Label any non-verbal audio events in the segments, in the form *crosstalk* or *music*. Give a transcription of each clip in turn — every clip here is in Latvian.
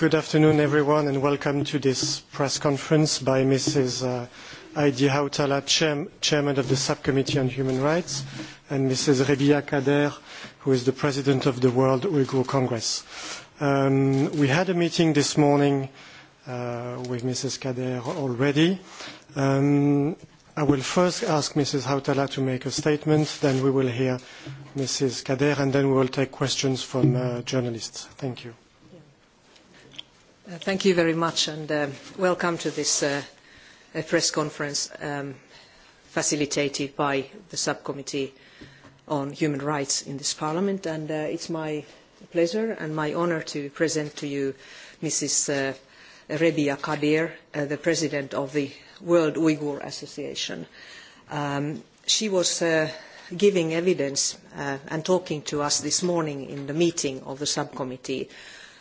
Good afternoon, everyone, and welcome to this press conference by Mrs. Uh, Heidi Hautala, Chairman of the Subcommittee on Human Rights, and Mrs. Rebiya Kadeer, who is the President of the World Uyghur Congress. Um, we had a meeting this morning uh, with Mrs. Kadeer already. Um, I will first ask Mrs. Hautala to make a statement, then we will hear Mrs. Kadeer, and then we will take questions from uh, journalists. Thank you. Uh, thank you very much, and uh, welcome to this uh, press conference um, facilitated by the Subcommittee on Human Rights in this Parliament. And uh, it's my pleasure and my honor to present to you Mrs. Uh, Rebia Kadir, uh, the President of the World Uyghur Association. Um, she was uh, giving evidence uh, and talking to us this morning in the meeting of the subcommittee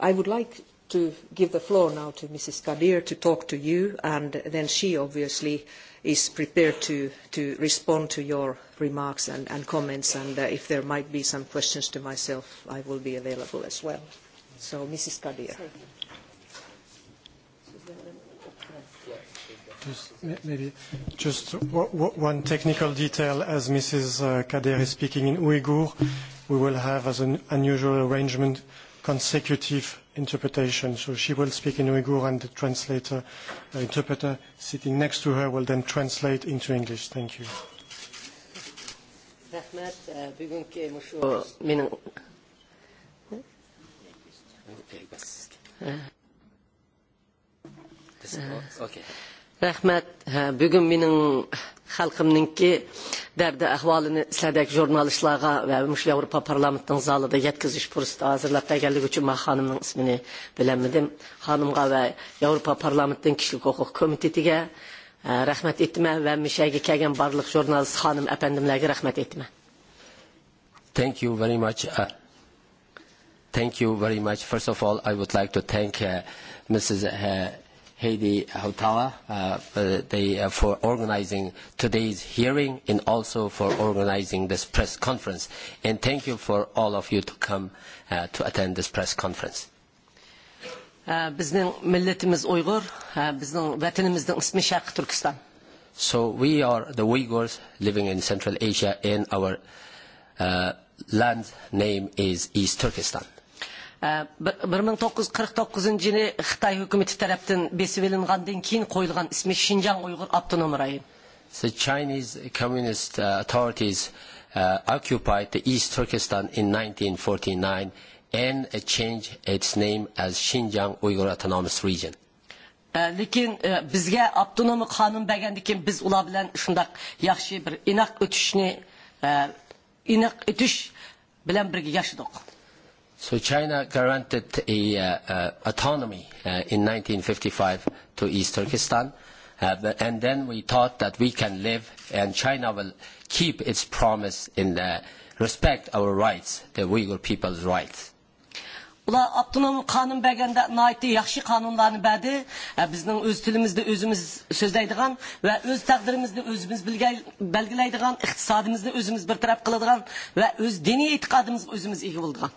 I would like to give the floor now to Mrs. Kadir to talk to you, and then she obviously is prepared to, to respond to your remarks and, and comments, and uh, if there might be some questions to myself, I will be available as well. So, Mrs. Kadir. Just, maybe just one technical detail. As Mrs. Uh, Kadir is speaking in Uyghur, we will have, as an unusual arrangement, uh, consecutive interpretation. So she will speak in Uyghur and the translator, the uh, interpreter sitting next to her will then translate into English. Thank you. rahmat bugungi mushu mening rahmat uh, bugun mening xalqimninki dərdi əhvalını sizlədək jurnalistlara və müşl Avropa parlamentinin zalında yetkizmiş fürsəti hazırlab təgəllik üçün mən xanımın ismini bilənmədim. Xanımğa və Avropa parlamentinin kişilik hüquq komitetigə e, rəhmət etmə və müşəyə gələn barlıq jurnalist xanım əpəndimlərə rəhmət etmə. Thank you very much. Uh, thank you very much. First of all, I would like to thank uh, Mrs. Uh, Heidi Hautala uh, the, uh, for organizing today's hearing and also for organizing this press conference. And thank you for all of you to come uh, to attend this press conference. Uh, bizning millatimiz Uyg'ur, uh, bizning vatanimizning ismi Sharq Turkiston. So we are the Uyghurs living in Central Asia and our uh, land name is East Turkestan bir ming to'qqiz yuz qirq to'qqizinchi yili xitoy hukumati tarafdan besib ilingandan keyin qo'yilgan ismi shinjang uyg'ur abtonom rayon the chinese communist uh, authorities uh, occupied the east turkestan in 1949 and uh, changed its name as xinjiang uyghur autonomous region lekin bizga avtonomiya qonun bergandan keyin biz ular bilan shundoq yaxshi bir inoq o'tishni inoq o'tish bilan birga yashadik So China granted a, uh, uh, autonomy uh, in 1955 to East Turkestan. Uh, but, and then we thought that we can live and China will keep its promise in the respect our rights, the Uyghur people's rights. Ular abdunom qonun berganda noiti yaxshi qonunlarni berdi bizning o'z tilimizda o'zimiz so'zlaydigan va o'z taqdirimizni o'zimiz belgilaydigan iqtisodimizni o'zimiz bartaraf qiladigan va o'z diniy e'tiqodimizga o'zimiz ega bo'ladigan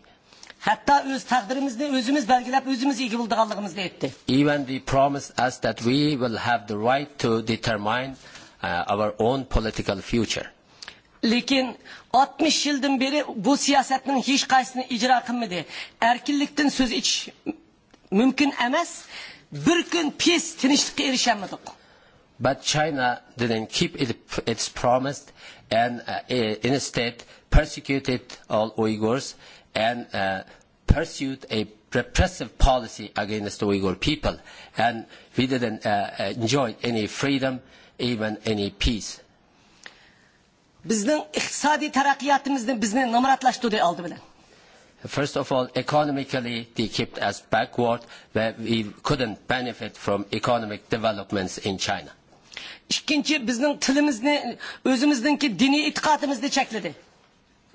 Hatta öz takdirimizni özümüz belgilep özümüz ilgi bulduğanlığımızda etti. Even they promised us that we will have the right to determine uh, our own political future. Lekin 60 yıldan beri bu siyasetin hiç kaysını icra kılmadı. Erkinlikten söz iç mümkün emez. Bir gün pis tinişlikle erişemedik. But China didn't keep it, its promise and uh, instead persecuted all Uyghurs and uh, pursued a repressive policy against the Uyghur people. And we didn't uh, uh enjoy any freedom, even any peace. Bizning iqtisodiy taraqqiyotimizni bizni nomratlashtirdi oldi bilan. First of all, economically, they kept us backward, where we couldn't benefit from economic developments in China. İkinci, bizning tilimizni, o'zimizningki diniy e'tiqodimizni chekladi.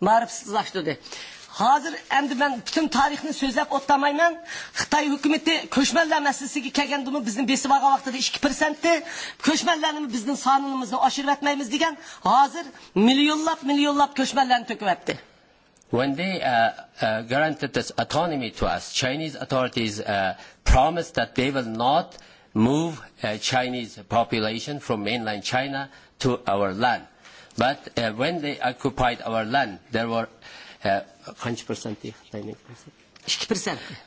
marifsizlaştırdı. Hazır endi ben bütün tarihini sözlep otlamayman. Xitay hükümeti köşmeller meselesiga kelgandimi bizni besivaga vaqtida 2%ti köşmellerini bizni sanımızı aşırı etmemiz degen hazır milyonlap milyonlap köşmellerini töküp etti. When they uh, uh, granted this autonomy to us, Chinese authorities uh, promised that they will not move uh, Chinese population from mainland China to our land But uh, when they occupied our land, there were uh, 100%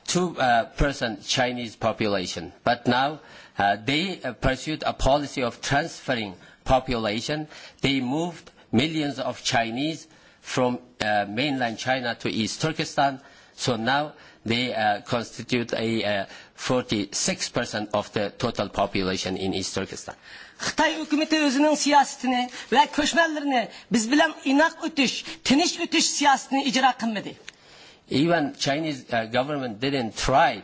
2% uh, percent Chinese population. But now uh, they uh, pursued a policy of transferring population. They moved millions of Chinese from uh, mainland China to East Turkestan. So now they uh, constitute a uh, 46% of the total population in East Turkestan. Xitay hökuməti özünün siyasətini və köçmənlərini biz bilən inaq ötüş, tinç ötüş siyasətini icra qılmadı. Even Chinese uh, government didn't try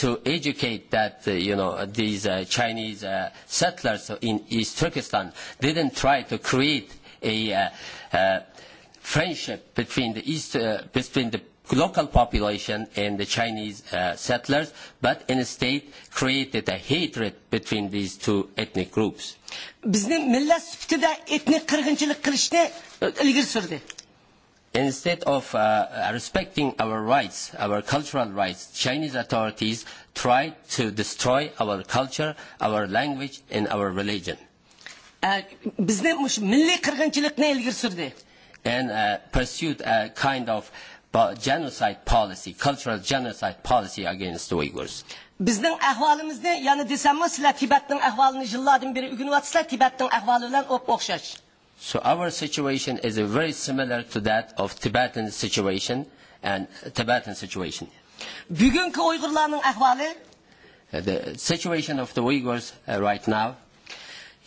to educate that uh, you know these uh, Chinese uh, settlers in East Turkestan didn't try to create a uh, uh, friendship between the East uh, between the local population and the Chinese uh, settlers, but instead created a hatred between these two ethnic groups. Bizning millat sifatida etnik qirg'inchilik qilishni e, ilgari surdi. Instead of uh, uh, respecting our rights, our cultural rights, Chinese authorities tried to destroy our culture, our language, and our religion. E, bizni milliy qirg'inchilikni ilgari surdi. And uh, pursued a kind of genocide policy, cultural genocide policy against Uyghurs. Bizning ahvolimizni, ya'ni desammi, sizlar Tibetning ahvolini yillardan beri o'rganyapsizlar, Tibetning ahvoli bilan o'xshash. So our situation is very similar to that of Tibetan situation and Tibetan situation. Bugungi Uyg'urlarning ahvoli uh, the situation of the Uyghurs uh, right now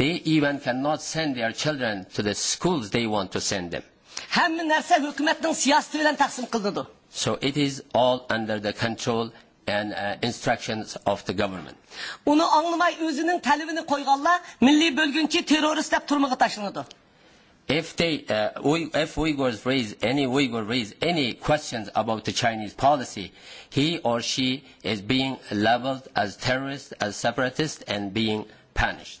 They even cannot send their children to the schools they want to send them. Həmmə нәрсә хөкүмәтнең сиясәте белән тәкъсим кылынды. So it is all under the control and uh, instructions of the government. Уны аңламай үзенең талабын койганлар милли бөлгүнче террорист дип турмага ташланды. If they, uh, we, if Uyghurs raise any Uyghur raise any questions about the Chinese policy, he or she is being labeled as terrorist, as separatist, and being punished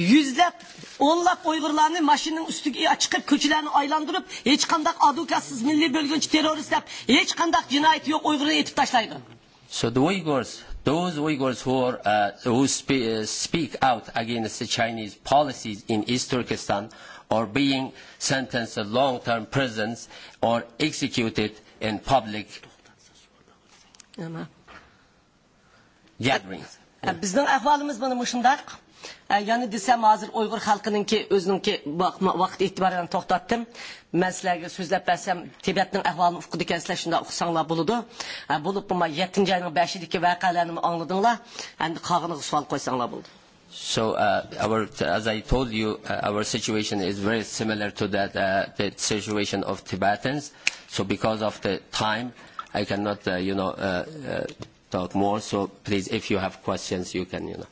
yüzlab o'nlab uyg'urlarni mashinaning ustiga chiqib ko'chalarni aylantirib hech qandaq adukasiz milliy bo'lgunchi terrorist deb hech qandaq jinoyat yo'q uyg'urni etib tashlaydi so the uyghurs those uyghurs who are uh, who speak, uh, speak out against the chinese policies in east turkestan are being sentenced to long term prisons or executed in public gatherings e, bizning ahvolimiz mana shundaq yana desem hazır Uygur halkının ki özünün ki bakma vakit itibaren toxtattım. Mən sizlərə sözləb bəsəm Tibetnin əhvalını oxudu ki, sizlər şunda oxusanlar buludu. E, bulub buma 7-ci ayının 5-dəki vəqələrini anladınlar. Əndi qağınıza sual qoysanlar buludu. So uh, our, as I told you, uh, our situation is very similar to that uh, the situation of Tibetans. So because of the time, I cannot, uh, you know, uh, uh, talk more. So please, if you have questions, you can, you know.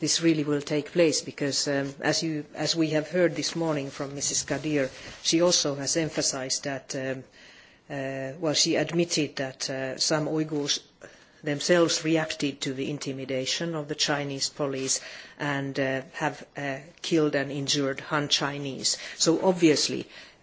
this really will take place because um, as, you, as we have heard this morning from Mrs. Kadir, she also has emphasized that, um, uh, well, she admitted that uh, some Uyghurs themselves reacted to the intimidation of the Chinese police and uh, have uh, killed and injured Han Chinese. So obviously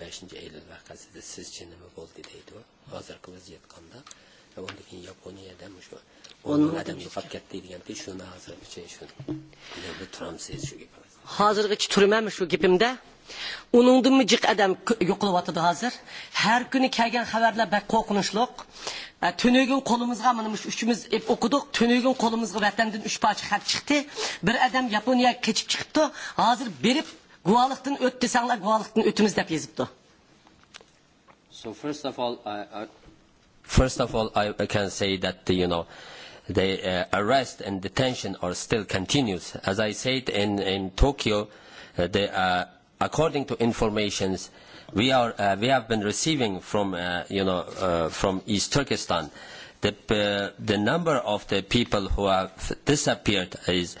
beshinchi iyul vaqasida sizchi nima bo'ldi deydi u hozirgi vaziyatqanda undan keyin yaponiyada shu o'n ming odam yo'qolib ketdi deganda shuni hozirgacha shuni turamiz shu gapni hozirgacha turmanmi shu gapimda uningdinmi jiq odam yo'qolyotidi hozir har kuni kelgan xabarlar bak qo'rqinchliq tunugin qo'limizga mana shu uchimiz o'qidik tunugin qo'limizga vatandan uch pocha xat chiqdi bir odam yaponiyaga kechib chiqibdi hozir berib guvalıktan öt desenler guvalıktan ötümüz dep yazıptı. So first of all, I, I, first of all, I can say that you know the uh, arrest and detention are still continues. As I said in in Tokyo, uh, the, uh, according to informations we are uh, we have been receiving from uh, you know uh, from East Turkestan, the uh, the number of the people who have disappeared is. Uh,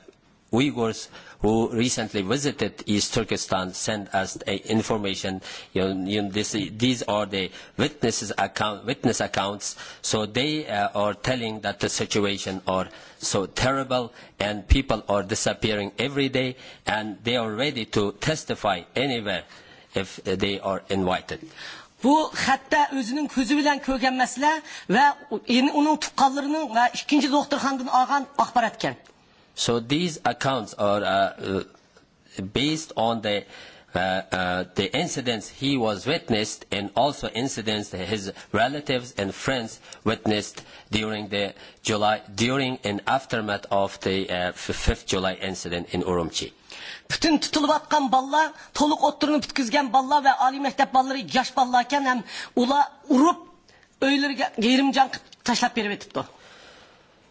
Uyghurs who recently visited East Turkestan sent us a information. You know, you know, this, these are the witnesses account, witness accounts. So they uh, are telling that the situation are so terrible and people are disappearing every day and they are ready to testify anywhere if they are invited. Bu hatta özünün közü bilen kögen mesele ve onun tukkallarının ve ikinci doktorhandan ağan akbarat So these accounts are uh, uh, based on the uh, uh, the incidents he was witnessed and also incidents that his relatives and friends witnessed during the July during and aftermath of the uh, 5th July incident in Urumqi. Bütün tutulubatkan ballar, toluk otturunu bitkizgen ballar ve ali mektep balları yaş ballarken hem ula urup öylürge yerimcan taşlap yeri betipti.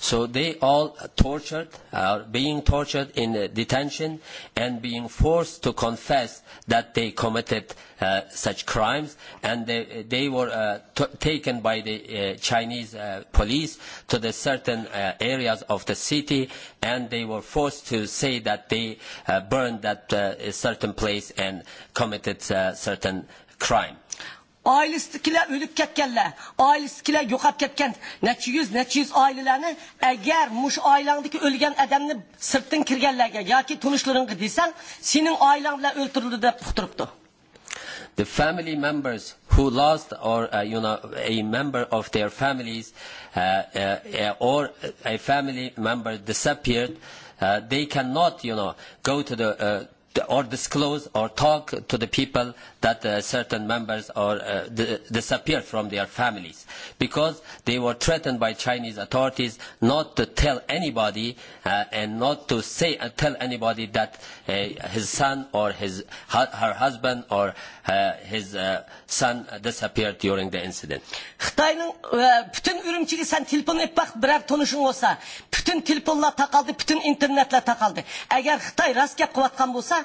So they all tortured, are uh, being tortured in uh, detention and being forced to confess that they committed uh, such crimes and they, they were uh, t- taken by the uh, Chinese uh, police to the certain uh, areas of the city and they were forced to say that they uh, burned that uh, certain place and committed uh, certain crime. Uh, oilasidagilar o'lib ketganlar oilasidagilar yo'qolib ketgan necha yuz necha yuz oilalarni agar mush oilangdagi o'lgan odamni sirtdan kirganlarga yoki tanishlaringga desang sening oilang bilan o'ltirildi deb uqtiribdi the family members who lost or uh, you know a member of their families uh, uh, uh or a family member disappeared uh, they cannot you know go to the uh, or disclose or talk to the people that uh, certain members are, uh, d- disappeared from their families because they were threatened by Chinese authorities not to tell anybody uh, and not to say and uh, tell anybody that uh, his son or his her, her husband or uh, his uh, son disappeared during the incident. Xitayning uh, bütün ürümçigi sen telefon et bak birer tanışın olsa bütün telefonla takaldı bütün internetla takaldı. Eğer Xitay rast gap kılatkan bolsa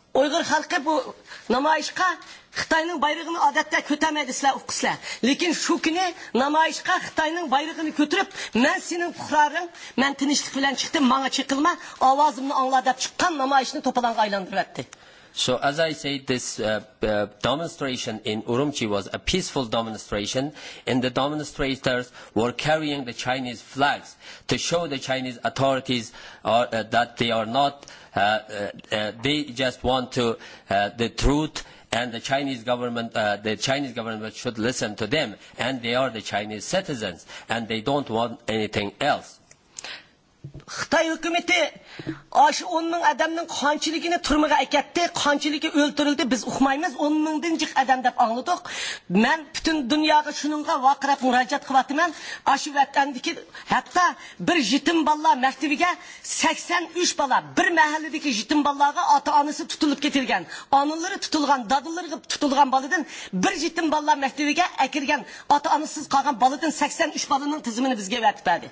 Uyghur halkı bu namayışka Xitayning bayrog'ini odatda ko'tarmaydi sizlar o'qisizlar lekin shu kuni namoyishga xitoyning bayrog'ini ko'tarib man sening puhroring man tinchlik bilan chiqdim manga chiqilma ovozimni angla deb chiqqan namoyishni to'polonga aylantiryapti So as I say, this uh, uh, demonstration in Urumqi was a peaceful demonstration, and the demonstrators were carrying the Chinese flags to show the Chinese authorities are, uh, uh, that they are not uh, Uh, uh, uh, they just want to, uh, the truth and the Chinese government, uh, the Chinese government should listen to them. And they are the Chinese citizens and they don't want anything else. Xitay hükümeti Aş 10 min adamın qançılıkını turmağa aketdi, qançılıkı öldürüldü. Biz uxmaymız 10 mingdən jiq adam deb anladık. Mən bütün dünyaya şununğa vaqıraq müracaat qılatıman. Aş vətəndəki hətta bir yetim balla məktəbinə 83 bala, bir məhəllədəki yetim ballağa ata-anası tutulub getirilgan, analları tutulgan, dadıları tutulgan baladan bir yetim balla məktəbinə əkirgan, ata-anasız qalğan baladan 83 balanın tizimini bizə vətib bədi.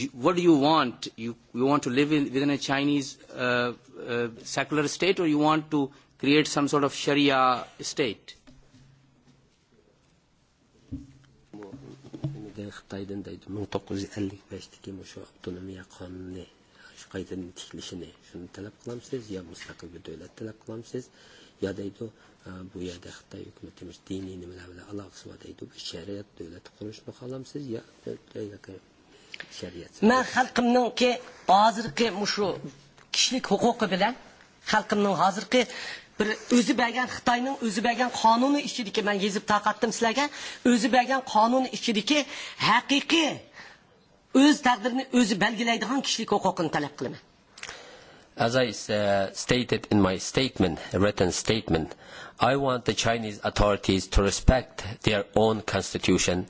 you, what do you want? You, you want to live in, within a Chinese uh, uh, secular state or you want to create some sort of Sharia state? xitoydan *laughs* deydi ming to'qqiz yuz ellik beshdagi shu avtonomiya qonuni shu qaytadan tiklishini shuni talab qilamsiz yo mustaqil bir davlat talab qilamsiz yo deydi bu yerda xitoy hukumati diniy nimalar bilan aloqasi bor deydi shariat davlat qurishni xohlamsiz yo man xalqimninki hozirgi shu kishilik huquqi bilan xalqimning hozirgi bir o'zi bergan xitoyning o'zi bergan qonuni ichidagi man yezib tarqatdim sizlarga o'zi bergan qonuni ichidagi haqiqiy o'z taqdirini o'zi belgilaydigan kishilik huquqini talab qilaman As I uh, stated in my statement, written statement, I want the Chinese authorities to respect their own constitution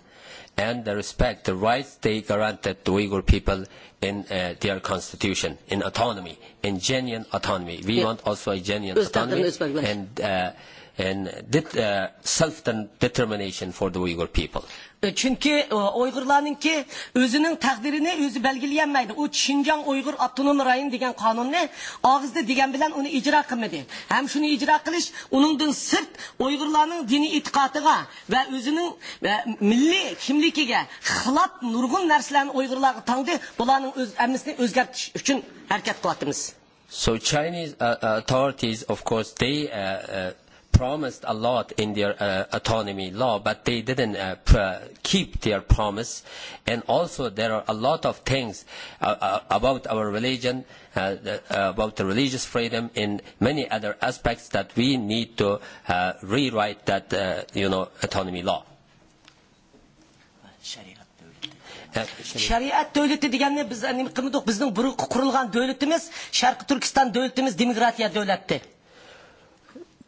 and the respect the rights they granted the Uyghur people in uh, their constitution, in autonomy, in genuine autonomy. We yeah. want also a genuine autonomy. And uh, and det, uh, self-determination for the Uyghur people. Çünkü uh, Uygurlarınki özünün takdirini özü belgileyemeydi. O Şincan Uygur Abdunum Rayın degen kanunni ağızda degen bilen onu icra kılmadı. Hem şunu icra kılış, onundan sırt Uygurlarının dini itikatıga ve özünün e, milli kimlikige hılat nurgun nerslerini Uygurlarga tanıdı. Bunların öz, emnisini özgertiş için hareket kılattınız. So Chinese uh, uh, authorities of course they uh, uh, promised a lot in their uh, autonomy law, but they didn't uh, pr- keep their promise. And also, there are a lot of things uh, uh, about our religion, uh, the, uh, about the religious freedom, and many other aspects that we need to uh, rewrite that uh, you know autonomy law. shariat davlati deganni biz nima qilmadik bizning burun qurilgan davlatimiz sharqi turkiston davlatimiz demokratiya davlatdi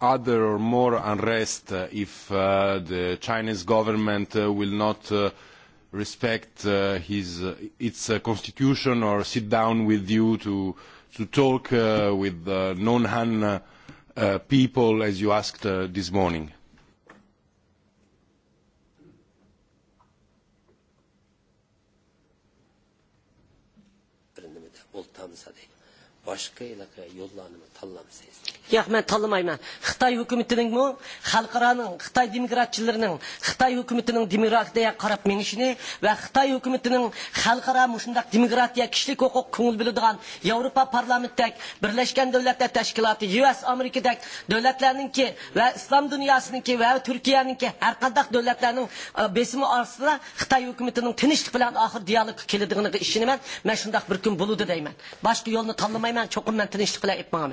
other or more unrest uh, if uh, the Chinese government uh, will not uh, respect uh, his, uh, its uh, constitution or sit down with you to, to talk uh, with the uh, non-Han uh, uh, people as you asked uh, this morning. Başka ilaka yollarını tallam sezdi yo'q man tanlamayman xitoy hukumatiningmi xalqaroning xitoy demokratchilarining xitoy hukumatining demokratiyaga qarab minishini va xitoy hukumatining xalqaro shundaq demokratiya kishilik huquq ko'ngil biladigan yevropa parlamentdak birlashgan davlatlar tashkiloti us amerikadak davlatlarninki va islom dunyosiniki va turkiyaniki har qandaq davlatlarning e, besimi ostida xitoy hukumatining tinchlik bilan oxir dialogga keladiganiga ishonaman man shundaq bir kun bo'ludi deyman boshqa yo'lni tanlamayman cho'qim man tinchlik bilan aytmoqman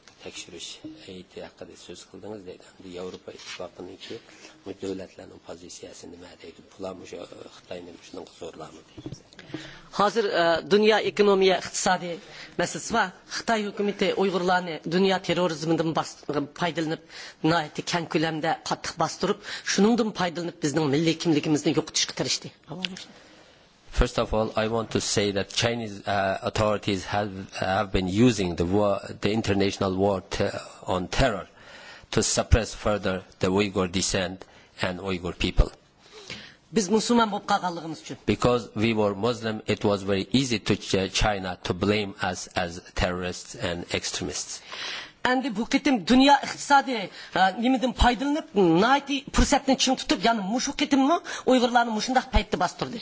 tekşürüş heyeti hakkında söz kıldınız dedi. De Avrupa İttifakı'nın ki bu devletlerin pozisyasını nime deydi. Pulamış e, Xitay'ın şunun zorlamı deydi. Hazır e, dünya ekonomiya iqtisadi meselesi var. Xitay hükümeti Uygurlarını dünya terörizminden faydalanıp e, nahiyeti ken külemde qattiq bastırıp şunundan faydalanıp bizning milliy kimligimizni yo'qotishga tirishdi. Tamam. First of all, I want to say that Chinese uh, authorities have, have been using the, war, the international war te on terror to suppress further the Uyghur descent and Uyghur people. Because we were Muslim, it was very easy to ch China to blame us as terrorists and extremists. endi bu ketim dunyo iqtisodiy e, nimidan foydalanib nati fursatni ching tutib ya'ni mushu ketimni uyg'urlarni mushundaq paytda bostirdi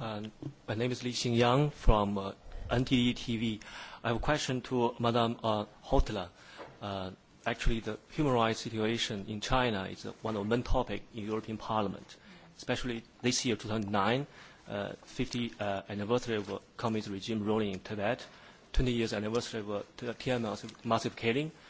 Uh, my name is Li Xingyang from uh, NTD TV. I have a question to Madame uh, Hotla. Uh, actually, the human rights situation in China is uh, one of the main topics in European Parliament, especially this year, 2009, uh, 50 uh, anniversary of uh, communist regime ruling in Tibet, 20 years anniversary of uh, Tiananmen massive killing, uh,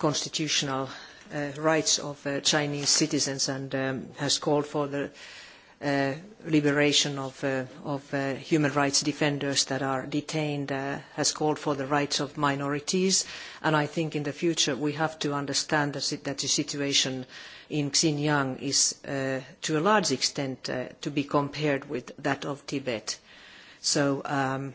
constitutional uh, rights of uh, Chinese citizens and um, has called for the uh, liberation of, uh, of uh, human rights defenders that are detained, uh, has called for the rights of minorities. And I think in the future we have to understand that, that the situation in Xinjiang is uh, to a large extent uh, to be compared with that of Tibet. So um,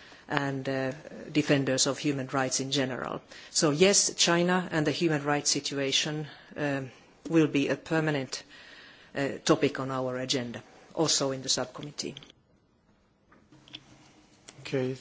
and uh, defenders of human rights in general. So yes, China and the human rights situation um, will be a permanent uh, topic on our agenda, also in the subcommittee. Okay.